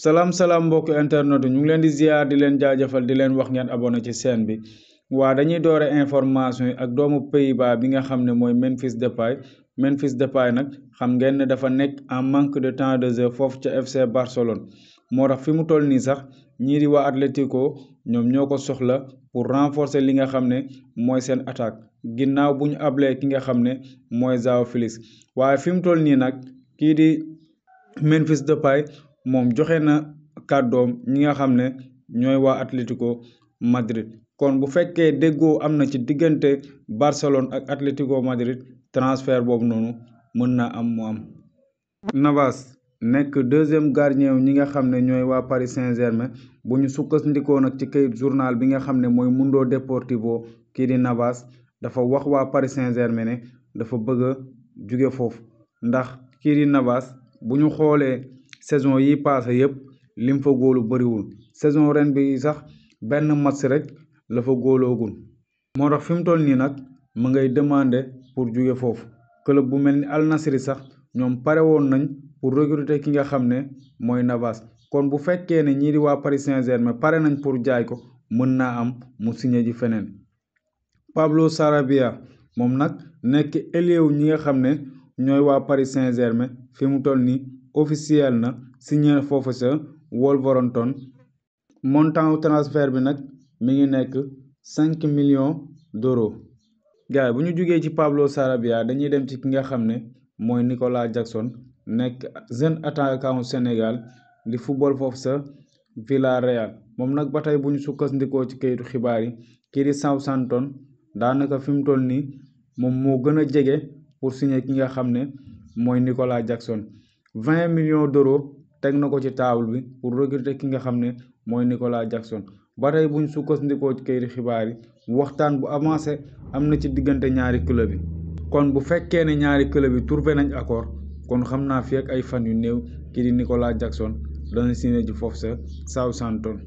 salaam salaam mbokk internet ñu ngi leen di ziar di leen jaajëfal di leen wax ngeen abonné ci chaîne bi waa dañuy doore information yi ak doomu pays bi nga xam ne mooy Memphis Depay Memphis Depay nag xam ngeen dafa nekk en manque de temps de jeu foofu ca FC Barcelone moo tax fi mu toll nii sax ñii di waa Atlético ñoom ñoo ko soxla pour renforcer li nga xam ne mooy seen attaque ginnaaw bu ñu ablee ki nga xam ne mooy Joao Félix waaye fi mu toll nii nag kii di Memphis Depay moom joxe na kàddoom ñi nga xam ne ñooy waa Atlético Madrid kon bu fekkee déggoo am na ci diggante Barcelone ak Atlético Madrid transfert boobu noonu mën naa am mu am. Navas nekk deuxième gardien ñi nga xam ne ñooy waa Paris Saint-Germain bu ñu sukkandikoo nag ci kayit journal bi nga xam ne mooy Mundo Deportivo kii di Navas dafa wax waa Paris Saint-Germain ne dafa bëgg a jóge foofu ndax kii di bu ñu xoolee. saison yi passé yëpp lim fa góolu bariwul saison ren bi sax benn match rek la fa góoloogul moo tax fi mu toll nii nag mu ngay demander pour jóge foofu club bu mel ni Al Nassr sax ñoom pare woon nañ pour recruter ki nga xam ne mooy Navas kon bu fekkee ne ñii di waa Paris Saint-Germain pare nañ pour jaay ko mën naa am mu signé ji feneen Pablo Sarabia moom nag nekk ailier wu ñi nga xam ne ñooy waa Paris Saint-Germain fi mu toll nii officiel na signé foofu sa Wolverhampton montant wu transfert bi nag mi ngi nekk cinq millions d'euros gars yi bu ñu jugee ci Pablo Sarabia dañuy dem ci ki nga xam ne mooy Nicolas Jackson nekk jeune attaquant u Sénégal di football foofu sa Villarreal moom nag ba tey bu ñu sukkandikoo ci kayitu xibaar yi kii di Southampton daanaka fi mu toll nii moom moo gën a jege pour signer ki nga xam ne mooy Nicolas Jackson vingt millions d'euros teg na ko ci table bi pour recruter ki nga xam ne mooy Nicolas Jackson ba tey buñ sukkandikoo ci kayit xibaar yi waxtaan bu avancé am na ci diggante ñaari club yi kon bu fekkee ne ñaari club yi trouvé nañ accord kon xam naa fi ay fan yu néew kii di Nicolas Jackson dana signé ji foofu sa Southampton